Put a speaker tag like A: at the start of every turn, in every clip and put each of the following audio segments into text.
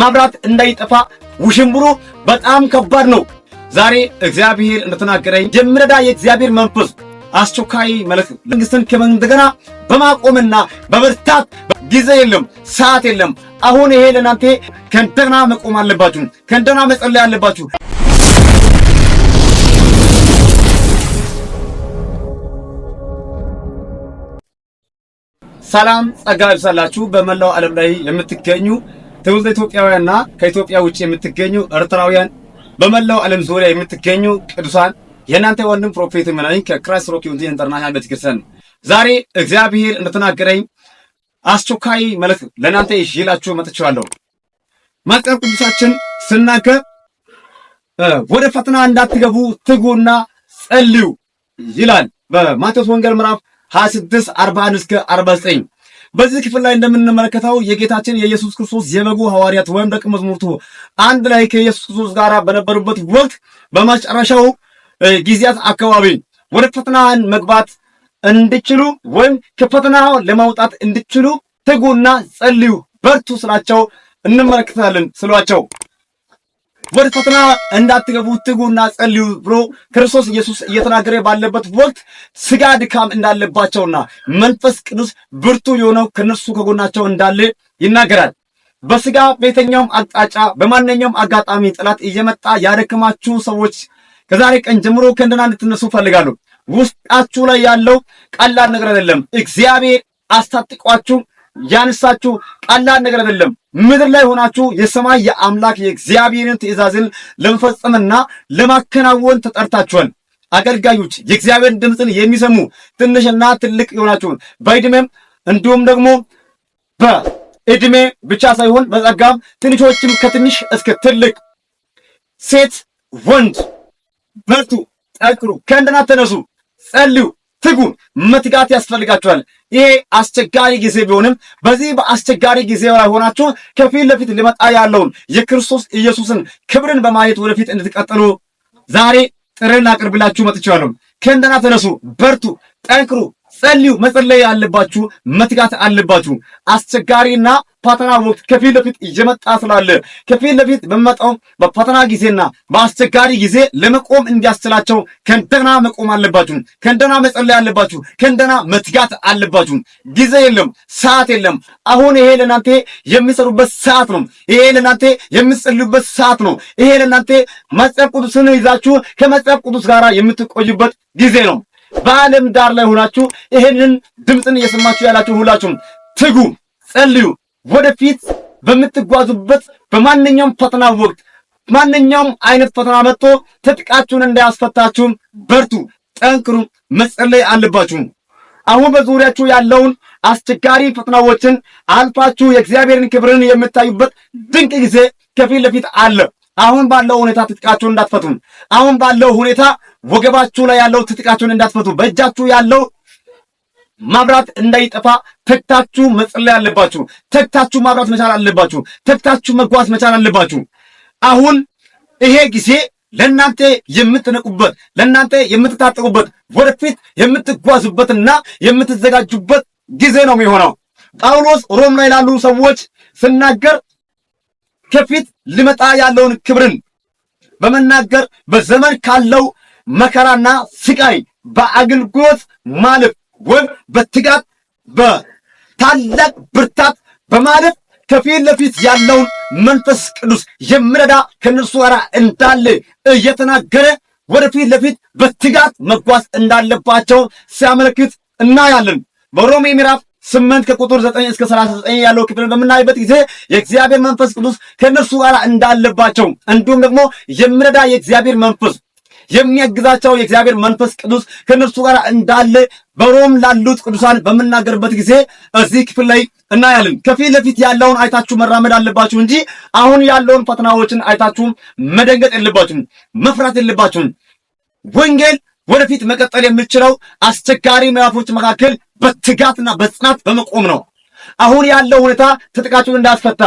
A: መብራት እንዳይጠፋ ውሽንብሩ በጣም ከባድ ነው። ዛሬ እግዚአብሔር እንደተናገረኝ የምረዳ የእግዚአብሔር መንፈስ አስቸኳይ መልእክት መንግስትን ከእንደገና በማቆምና በብርታት ጊዜ የለም፣ ሰዓት የለም። አሁን ይሄ ለእናንተ ከእንደገና መቆም አለባችሁ፣ ከእንደገና መጸለይ አለባችሁ። ሰላም ጸጋ ይብዛላችሁ። በመላው ዓለም ላይ የምትገኙ ትውልደ ኢትዮጵያውያንና ከኢትዮጵያ ውጭ የምትገኙ ኤርትራውያን፣ በመላው ዓለም ዙሪያ የምትገኙ ቅዱሳን የእናንተ ወንድም ፕሮፌት መናኝ ከክራይስት ሮክ ዩኒቲ ኢንተርናሽናል ቤተክርስቲያን ዛሬ እግዚአብሔር እንደተናገረኝ አስቸኳይ መልእክት ለእናንተ ይዤላችሁ መጥቻለሁ። መጽሐፍ ቅዱሳችን ስናገር ወደ ፈተና እንዳትገቡ ትጉና ጸልዩ ይላል በማቴዎስ ወንጌል ምዕራፍ 26 41 እስከ 49 በዚህ ክፍል ላይ እንደምንመለከተው የጌታችን የኢየሱስ ክርስቶስ የበጉ ሐዋርያት ወይም ደቀ መዝሙርቱ አንድ ላይ ከኢየሱስ ክርስቶስ ጋር በነበሩበት ወቅት በመጨረሻው ጊዜያት አካባቢ ወደ ፈተና መግባት እንዲችሉ ወይም ከፈተና ለማውጣት እንዲችሉ ትጉና ጸልዩ፣ በርቱ ስላቸው እንመለከታለን ስሏቸው ወደ ፈተና እንዳትገቡ ትጉና ጸልዩ ብሎ ክርስቶስ ኢየሱስ እየተናገረ ባለበት ወቅት ስጋ ድካም እንዳለባቸውና መንፈስ ቅዱስ ብርቱ የሆነው ከነርሱ ከጎናቸው እንዳለ ይናገራል። በስጋ በየትኛውም አቅጣጫ በማንኛውም አጋጣሚ ጠላት እየመጣ ያደከማችሁ ሰዎች ከዛሬ ቀን ጀምሮ ከእንደና እንድትነሱ ፈልጋለሁ። ውስጣችሁ ላይ ያለው ቀላል ነገር አይደለም። እግዚአብሔር አስታጥቋችሁ ያነሳችሁ ቀላል ነገር አይደለም። ምድር ላይ ሆናችሁ የሰማይ የአምላክ የእግዚአብሔርን ትእዛዝን ለመፈጸምና ለማከናወን ተጠርታችኋል። አገልጋዮች የእግዚአብሔርን ድምፅን የሚሰሙ ትንሽና ትልቅ የሆናችሁን በእድሜም እንዲሁም ደግሞ በእድሜ ብቻ ሳይሆን በጸጋም ትንሾችም ከትንሽ እስከ ትልቅ ሴት፣ ወንድ በርቱ፣ ጠቅሩ፣ ከእንደና ተነሱ፣ ጸልዩ። ትጉ፣ መትጋት ያስፈልጋችኋል። ይሄ አስቸጋሪ ጊዜ ቢሆንም በዚህ በአስቸጋሪ ጊዜ ላይ ሆናችሁ ከፊት ለፊት ሊመጣ ያለውን የክርስቶስ ኢየሱስን ክብርን በማየት ወደፊት እንድትቀጥሉ ዛሬ ጥሪን አቅርብላችሁ መጥቻለሁ። ከእንደና ተነሱ፣ በርቱ፣ ጠንክሩ። ጸልዩ፣ መጸለይ አለባችሁ፣ መትጋት አለባችሁ። አስቸጋሪና ፈተና ወቅት ከፊት ለፊት እየመጣ ስላለ ከፊት ለፊት በመጣው በፈተና ጊዜና በአስቸጋሪ ጊዜ ለመቆም እንዲያስችላቸው ከንደና መቆም አለባችሁ፣ ከእንደገና መጸለይ አለባችሁ፣ ከንደና መትጋት አለባችሁ። ጊዜ የለም፣ ሰዓት የለም። አሁን ይሄ ለእናንተ የሚሰሩበት ሰዓት ነው። ይሄ ለእናንተ የምትጸልዩበት ሰዓት ነው። ይሄ ለእናንተ መጽሐፍ ቅዱስን ይዛችሁ ከመጽሐፍ ቅዱስ ጋር የምትቆዩበት ጊዜ ነው። በዓለም ዳር ላይ ሆናችሁ ይሄንን ድምፅን እየሰማችሁ ያላችሁ ሁላችሁም ትጉ፣ ጸልዩ። ወደፊት በምትጓዙበት በማንኛውም ፈተና ወቅት ማንኛውም አይነት ፈተና መጥቶ ትጥቃችሁን እንዳያስፈታችሁም በርቱ፣ ጠንክሩ። መጸለይ አለባችሁ። አሁን በዙሪያችሁ ያለውን አስቸጋሪ ፈተናዎችን አልፋችሁ የእግዚአብሔርን ክብርን የምታዩበት ድንቅ ጊዜ ከፊት ለፊት አለ። አሁን ባለው ሁኔታ ትጥቃችሁን እንዳትፈቱ። አሁን ባለው ሁኔታ ወገባችሁ ላይ ያለው ትጥቃችሁን እንዳትፈቱ። በእጃችሁ ያለው ማብራት እንዳይጠፋ ተግታችሁ መጸለይ አለባችሁ። ተግታችሁ ማብራት መቻል አለባችሁ። ተግታችሁ መጓዝ መቻል አለባችሁ። አሁን ይሄ ጊዜ ለእናንተ የምትነቁበት፣ ለእናንተ የምትታጠቁበት፣ ወደፊት የምትጓዙበትና የምትዘጋጁበት ጊዜ ነው የሚሆነው። ጳውሎስ ሮም ላይ ላሉ ሰዎች ስናገር ከፊት ሊመጣ ያለውን ክብርን በመናገር በዘመን ካለው መከራና ስቃይ በአገልግሎት ማለፍ ወይም በትጋት በታላቅ ብርታት በማለፍ ከፊት ለፊት ያለውን መንፈስ ቅዱስ የሚረዳ ከእነርሱ ጋር እንዳለ እየተናገረ ወደፊት ለፊት በትጋት መጓዝ እንዳለባቸው ሲያመለክት እናያለን። በሮሜ ምዕራፍ ስምንት ከቁጥር ዘጠኝ እስከ ሰላሳ ዘጠኝ ያለው ክፍል በምናይበት ጊዜ የእግዚአብሔር መንፈስ ቅዱስ ከእነርሱ ጋር እንዳለባቸው እንዲሁም ደግሞ የሚረዳ የእግዚአብሔር መንፈስ የሚያግዛቸው የእግዚአብሔር መንፈስ ቅዱስ ከእነርሱ ጋር እንዳለ በሮም ላሉት ቅዱሳን በምናገርበት ጊዜ እዚህ ክፍል ላይ እናያለን። ከፊት ለፊት ያለውን አይታችሁ መራመድ አለባችሁ እንጂ አሁን ያለውን ፈተናዎችን አይታችሁም መደንገጥ የለባችሁም፣ መፍራት የለባችሁም። ወንጌል ወደፊት መቀጠል የምችለው አስቸጋሪ ምዕራፎች መካከል በትጋትና በጽናት በመቆም ነው። አሁን ያለው ሁኔታ ትጥቃችሁን እንዳስፈታ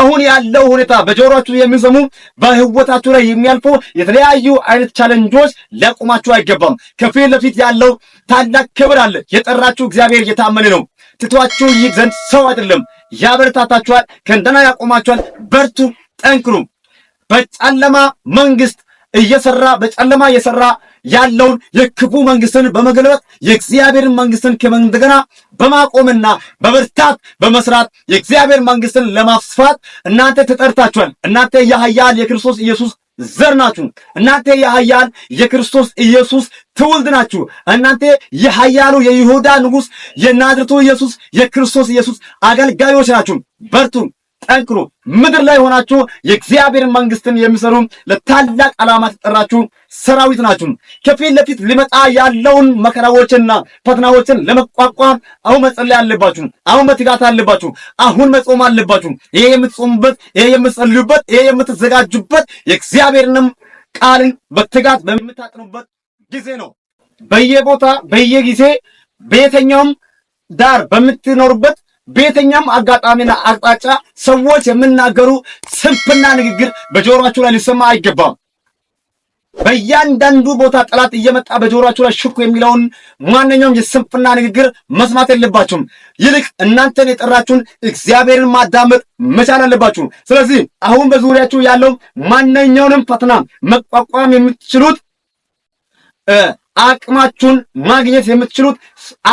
A: አሁን ያለው ሁኔታ በጆሮአችሁ የሚሰሙ በህይወታችሁ ላይ የሚያልፉ የተለያዩ አይነት ቻለንጆች ሊያቆማችሁ አይገባም። ከፊት ለፊት ያለው ታላቅ ክብር አለ። የጠራችሁ እግዚአብሔር እየታመነ ነው። ትቷችሁ ይህ ዘንድ ሰው አይደለም። ያበረታታችኋል፣ ከእንደና ያቆማችኋል። በርቱ፣ ጠንክሩ። በጨለማ መንግስት እየሰራ በጨለማ እየሰራ ያለውን የክፉ መንግስትን በመገልበጥ የእግዚአብሔርን መንግስትን እንደገና በማቆምና በብርታት በመስራት የእግዚአብሔር መንግስትን ለማስፋት እናንተ ተጠርታችኋል። እናንተ የኃያል የክርስቶስ ኢየሱስ ዘር ናችሁ። እናንተ የኃያል የክርስቶስ ኢየሱስ ትውልድ ናችሁ። እናንተ የኃያሉ የይሁዳ ንጉስ የናዝሬቱ ኢየሱስ የክርስቶስ ኢየሱስ አገልጋዮች ናችሁ። በርቱ። ጠንክሩ። ምድር ላይ ሆናችሁ የእግዚአብሔር መንግስትን የሚሰሩ ለታላቅ ዓላማ ተጠራችሁ ሰራዊት ናችሁ። ከፊት ለፊት ሊመጣ ያለውን መከራዎችና ፈተናዎችን ለመቋቋም አሁን መጸለይ አለባችሁ። አሁን መትጋት አለባችሁ። አሁን መጾም አለባችሁ። ይሄ የምትጾሙበት፣ ይሄ የምትጸልዩበት፣ ይሄ የምትዘጋጁበት የእግዚአብሔርንም ቃልን በትጋት በምታጥኑበት ጊዜ ነው። በየቦታ በየጊዜ በየተኛውም ዳር በምትኖሩበት በየትኛም አጋጣሚና አቅጣጫ ሰዎች የሚናገሩ ስንፍና ንግግር በጆሮአችሁ ላይ ሊሰማ አይገባም። በእያንዳንዱ ቦታ ጠላት እየመጣ በጆሮአችሁ ላይ ሽኩ የሚለውን ማንኛውም የስንፍና ንግግር መስማት የለባችሁም። ይልቅ እናንተን የጠራችሁን እግዚአብሔርን ማዳመጥ መቻል አለባችሁ። ስለዚህ አሁን በዙሪያችሁ ያለው ማንኛውንም ፈተና መቋቋም የምትችሉት አቅማችሁን ማግኘት የምትችሉት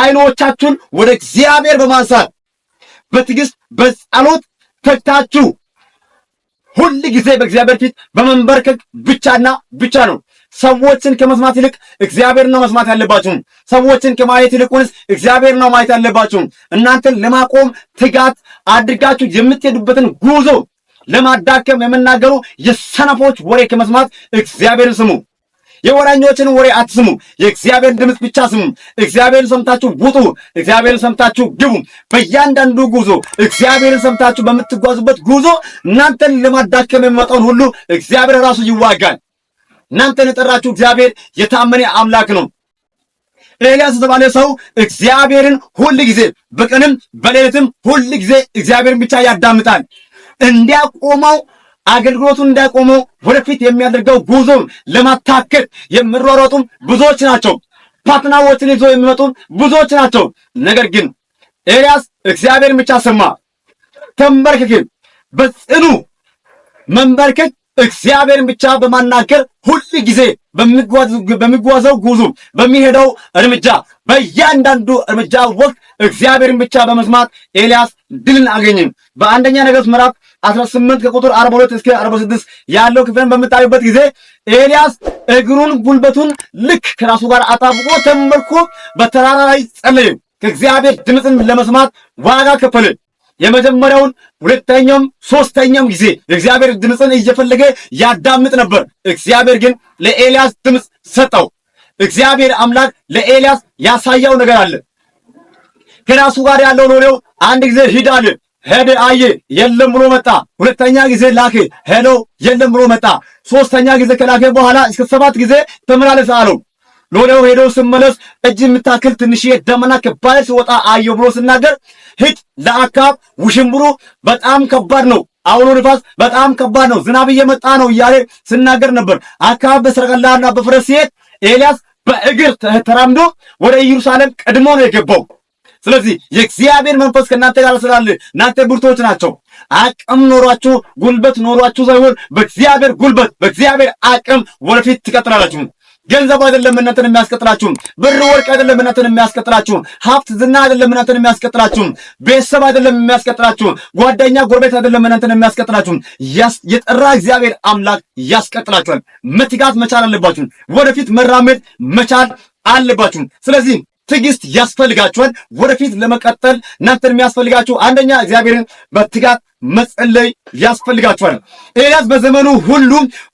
A: አይኖቻችሁን ወደ እግዚአብሔር በማንሳት በትዕግስት በጸሎት ተግታችሁ ሁል ጊዜ በእግዚአብሔር ፊት በመንበርከክ ብቻና ብቻ ነው። ሰዎችን ከመስማት ይልቅ እግዚአብሔር ነው መስማት ያለባችሁም። ሰዎችን ከማየት ይልቁንስ እግዚአብሔር ነው ማየት ያለባችሁም። እናንተን ለማቆም ትጋት አድርጋችሁ የምትሄዱበትን ጉዞ ለማዳከም የምናገሩ የሰነፎች ወሬ ከመስማት እግዚአብሔርን ስሙ። የወራኞችን ወሬ አትስሙ፣ የእግዚአብሔር ድምፅ ብቻ ስሙ። እግዚአብሔርን ሰምታችሁ ውጡ፣ እግዚአብሔርን ሰምታችሁ ግቡ። በእያንዳንዱ ጉዞ እግዚአብሔርን ሰምታችሁ በምትጓዙበት ጉዞ እናንተን ለማዳከም የሚመጣውን ሁሉ እግዚአብሔር ራሱ ይዋጋል። እናንተን የጠራችሁ እግዚአብሔር የታመነ አምላክ ነው። ኤልያስ የተባለ ሰው እግዚአብሔርን ሁል ጊዜ በቀንም በሌሊትም ሁል ጊዜ እግዚአብሔርን ብቻ ያዳምጣል እንዲያቆመው አገልግሎቱን እንዳይቆሙ ወደፊት የሚያደርገው ጉዞ ለማታከት የሚሯሯጡም ብዙዎች ናቸው። ፓትናዎችን ይዞ የሚመጡ ብዙዎች ናቸው። ነገር ግን ኤልያስ እግዚአብሔር ብቻ ሰማ፣ ተንበርክክ። በጽኑ መንበርከክ እግዚአብሔርን ብቻ በማናገር ሁል ጊዜ በሚጓዘው ጉዞ በሚሄደው እርምጃ በእያንዳንዱ እርምጃ ወቅት እግዚአብሔርን ብቻ በመስማት ኤልያስ ድልን አገኝም በአንደኛ ነገሥት ምዕራፍ 18 ከቁጥር 42 እስከ 46 ያለው ክፍልን በምታዩበት ጊዜ ኤልያስ እግሩን ጉልበቱን ልክ ከራሱ ጋር አጣብቆ ተንበርኮ በተራራ ላይ ጸለየ። ከእግዚአብሔር ድምፅን ለመስማት ዋጋ ከፈለ። የመጀመሪያውን ሁለተኛውም ሶስተኛውም ጊዜ የእግዚአብሔር ድምፅን እየፈለገ ያዳምጥ ነበር። እግዚአብሔር ግን ለኤልያስ ድምፅ ሰጠው። እግዚአብሔር አምላክ ለኤልያስ ያሳየው ነገር አለ። ከራሱ ጋር ያለው ሎሌው አንድ ጊዜ ሂድ አለ። ሄደ፣ አየ፣ የለም ብሎ መጣ። ሁለተኛ ጊዜ ላከ፣ ሄደው፣ የለም ብሎ መጣ። ሶስተኛ ጊዜ ከላከ በኋላ እስከ ሰባት ጊዜ ተመላለስ አለው። ሎሌው ሄዶ ስመለስ እጅ የምታክል ትንሽዬ ደመና ከባሕር ሲወጣ አየሁ ብሎ ስናገር ሂድ ለአካብ ውሽንብሩ በጣም ከባድ ነው አውሎ ንፋስ በጣም ከባድ ነው፣ ዝናብ እየመጣ ነው እያለ ስናገር ነበር። አካባቢ በሰረገላና በፈረስ ሲሄድ ኤልያስ በእግር ተራምዶ ወደ ኢየሩሳሌም ቀድሞ ነው የገባው። ስለዚህ የእግዚአብሔር መንፈስ ከእናንተ ጋር ስላለ እናንተ ብርቶች ናቸው። አቅም ኖሯችሁ ጉልበት ኖሯችሁ ሳይሆን በእግዚአብሔር ጉልበት በእግዚአብሔር አቅም ወደፊት ትቀጥላላችሁ። ገንዘብ አይደለም እናንተን የሚያስቀጥላችሁ፣ ብር ወርቅ አይደለም እናንተን የሚያስቀጥላችሁ፣ ሀብት ዝና አይደለም እናንተን የሚያስቀጥላችሁ፣ ቤተሰብ አይደለም የሚያስቀጥላችሁ፣ ጓደኛ ጎረቤት አይደለም እናንተን የሚያስቀጥላችሁ። የጠራ እግዚአብሔር አምላክ ያስቀጥላችኋል። መትጋት መቻል አለባችሁ። ወደፊት መራመድ መቻል አለባችሁ። ስለዚህ ትዕግስት ያስፈልጋችኋል። ወደፊት ለመቀጠል እናንተን የሚያስፈልጋችሁ አንደኛ እግዚአብሔርን በትጋት መጸለይ ያስፈልጋችኋል። ኤልያስ በዘመኑ ሁሉ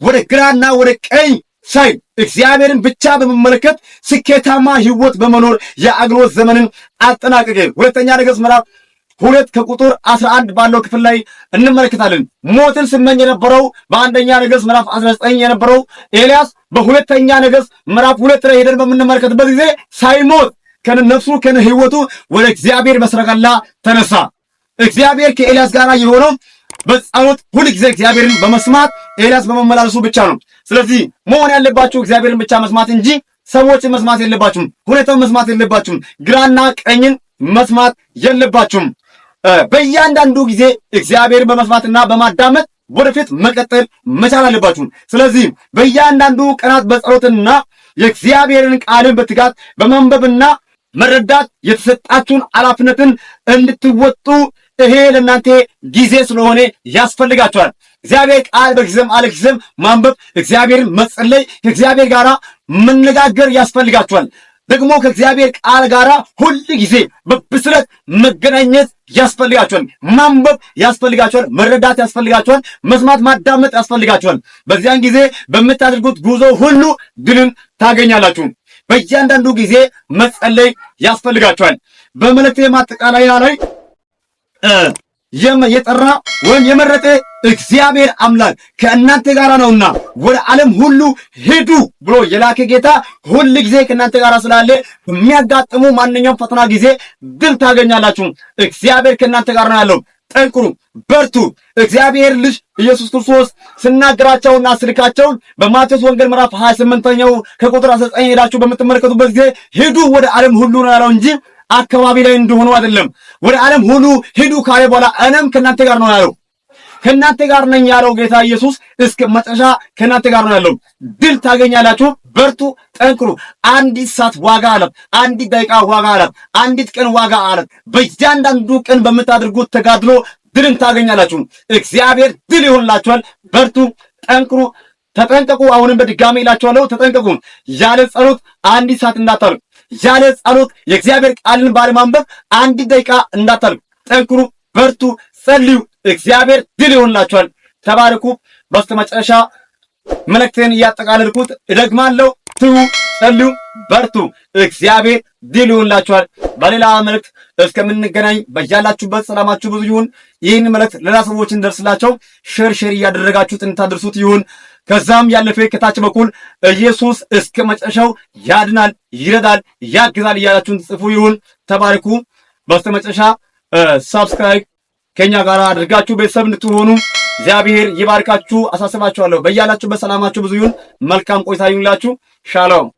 A: ወደ ግራና ወደ ቀኝ ሳይ እግዚአብሔርን ብቻ በመመለከት ስኬታማ ህይወት በመኖር የአገልግሎት ዘመንን አጠናቀቀ። ሁለተኛ ነገሥት ምዕራፍ ሁለት ከቁጥር 11 ባለው ክፍል ላይ እንመለከታለን። ሞትን ስመኝ የነበረው በአንደኛ ነገሥት ምዕራፍ 19 የነበረው ኤልያስ በሁለተኛ ነገሥት ምዕራፍ ሁለት ላይ ሄደን በምንመለከትበት ጊዜ ሳይሞት ከነፍሱ ከነ ህይወቱ ወደ እግዚአብሔር በሰረገላ ተነሳ። እግዚአብሔር ከኤልያስ ጋር የሆነው በጸሎት ሁልጊዜ እግዚአብሔርን በመስማት ኤልያስ በመመላለሱ ብቻ ነው። ስለዚህ መሆን ያለባችሁ እግዚአብሔርን ብቻ መስማት እንጂ ሰዎችን መስማት የለባችሁም። ሁኔታውን መስማት የለባችሁም። ግራና ቀኝን መስማት የለባችሁም። በእያንዳንዱ ጊዜ እግዚአብሔርን በመስማትና በማዳመጥ ወደፊት መቀጠል መቻል አለባችሁም። ስለዚህ በእያንዳንዱ ቀናት በጸሎትና የእግዚአብሔርን ቃልን በትጋት በመንበብና መረዳት የተሰጣችሁን ኃላፊነትን እንድትወጡ ይሄ ለእናንተ ጊዜ ስለሆነ ያስፈልጋቸዋል። እግዚአብሔር ቃል በጊዜም አለ ማንበብ እግዚአብሔርን መጸለይ ከእግዚአብሔር ጋር መነጋገር ያስፈልጋቸዋል። ደግሞ ከእግዚአብሔር ቃል ጋር ሁል ጊዜ በብስለት መገናኘት ያስፈልጋቸዋል። ማንበብ ያስፈልጋቸዋል። መረዳት ያስፈልጋቸዋል። መስማት ማዳመጥ ያስፈልጋቸዋል። በዚያን ጊዜ በምታደርጉት ጉዞ ሁሉ ድልን ታገኛላችሁ። በእያንዳንዱ ጊዜ መጸለይ ያስፈልጋቸዋል። በመልእክቴ ማጠቃለያ ላይ የጠራ ወይም የመረጠ እግዚአብሔር አምላክ ከእናንተ ጋር ነውና ወደ ዓለም ሁሉ ሄዱ ብሎ የላከ ጌታ ሁል ጊዜ ከእናንተ ጋር ስላለ በሚያጋጥሙ ማንኛውም ፈተና ጊዜ ድል ታገኛላችሁ። እግዚአብሔር ከእናንተ ጋር ነው ያለው። ጠንክሩ፣ በርቱ። እግዚአብሔር ልጅ ኢየሱስ ክርስቶስ ስናገራቸውና ስልካቸውን በማቴዎስ ወንጌል ምዕራፍ 28ኛው ከቁጥር 19 ሄዳችሁ በምትመለከቱበት ጊዜ ሄዱ ወደ ዓለም ሁሉ ነው ያለው እንጂ አካባቢ ላይ እንደሆኑ አይደለም። ወደ ዓለም ሁሉ ሂዱ ካለ በኋላ እኔም ከእናንተ ጋር ነው ያለው። ከእናንተ ጋር ነኝ ያለው ጌታ ኢየሱስ እስከ መጨረሻ ከእናንተ ጋር ነው ያለው። ድል ታገኛላችሁ። በርቱ፣ ጠንክሩ። አንዲት ሰዓት ዋጋ አላት፣ አንዲት ደቂቃ ዋጋ አላት፣ አንዲት ቀን ዋጋ አላት። በእያንዳንዱ ቀን በምታደርጉት ተጋድሎ ድልን ታገኛላችሁ። እግዚአብሔር ድል ይሆንላችኋል። በርቱ፣ ጠንክሩ፣ ተጠንቀቁ። አሁንም በድጋሚ እላችኋለሁ ተጠንቀቁ። ያለ ጸሎት አንዲት ሰዓት እንዳታልቁ። ያለ ጸሎት የእግዚአብሔር ቃልን ባለማንበብ አንድ ደቂቃ እንዳታልፉ። ጠንክሩ፣ በርቱ፣ ጸልዩ። እግዚአብሔር ድል ይሆንላችኋል። ተባረኩ። በስተመጨረሻ መልእክቴን እያጠቃለልኩት እደግማለሁ። ትጉ፣ ጸልዩ፣ በርቱ። እግዚአብሔር ድል ይሆንላችኋል። በሌላ መልእክት እስከምንገናኝ በያላችሁበት ሰላማችሁ ብዙ ይሁን። ይህን መልእክት ሌላ ሰዎች እንደርስላቸው ሼር ሼር እያደረጋችሁት እንድታደርሱት ይሁን። ከዛም ያለፈ ከታች በኩል ኢየሱስ እስከ መጨረሻው ያድናል፣ ይረዳል፣ ያግዛል እያላችሁን ጽፉ። ይሁን ተባርኩ። በስተመጨረሻ ሰብስክራይብ ከኛ ጋር አድርጋችሁ ቤተሰብ እንድትሆኑ እግዚአብሔር ይባርካችሁ። አሳስባችኋለሁ። በያላችሁ በሰላማችሁ ብዙ ይሁን። መልካም ቆይታ ይሁንላችሁ። ሻሎም